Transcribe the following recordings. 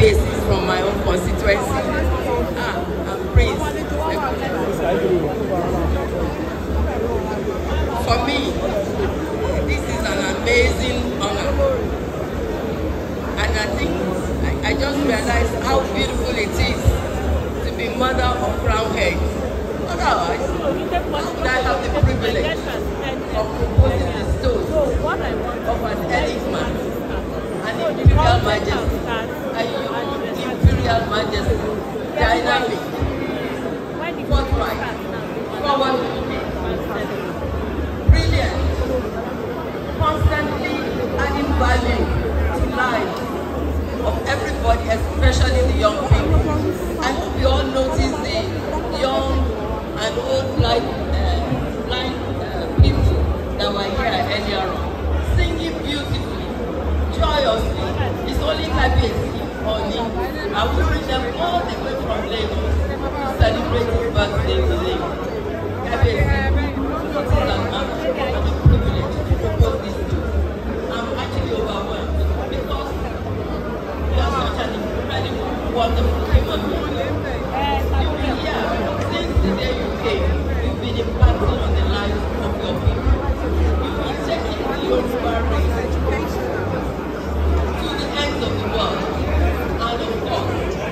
base from my own constituency. Ah, I'm praised. For me, this is an amazing honor. And I think I, I just realized how beautiful it is to be mother of Crown Head. Otherwise, how would I have the privilege of proposing the toast of an elite man and imperial majesty? Imperial Majesty, dynamic, forthright, forward brilliant, constantly adding value to life of everybody, especially the young people. I hope you all notice the young and old blind, uh, blind uh, people that were here earlier on, singing beautifully, joyously. It's only happy honey, will we reach them all the way from Lagos to celebrate his birthday today. Cabbage, it is an honor and a privilege to propose this to. I'm actually overwhelmed because we such an incredible, wonderful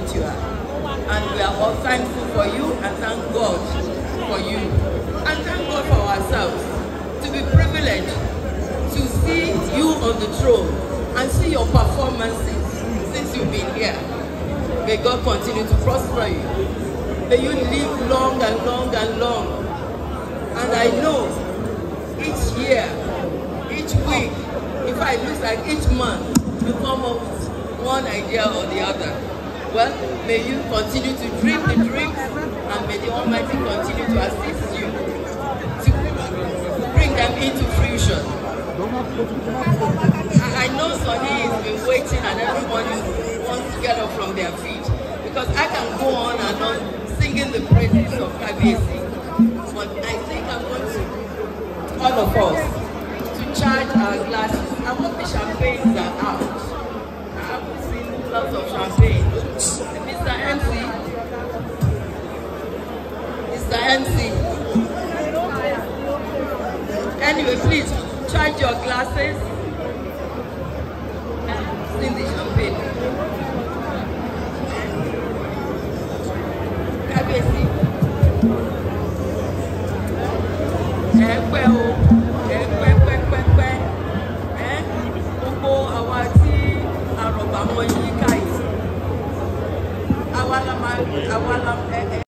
great you are. Ah. And we are all thankful for you and thank God for you. And thank God for ourselves to be privileged to see you on the throne and see your performances since you've been here. May God continue to prosper you. May you live long and long and long. And I know each year, each week, if I look like each month, you come up with one idea or the other. well. May you continue to drink the drinks, and may the Almighty continue to assist you to bring them into fruition. I know Sonny has been waiting and everybody wants to get up from their feet because I can go on and on singing the praises of Kabiyesi. But I think I'm going to all of us. the MC. Anyway, please charge your glasses. And in the champagne. Kábíyèsí. Ẹ pẹ́ o, ẹ pẹ́ pẹ́ pẹ́ pẹ́. Ẹ gbogbo àwa tí àrọ̀bà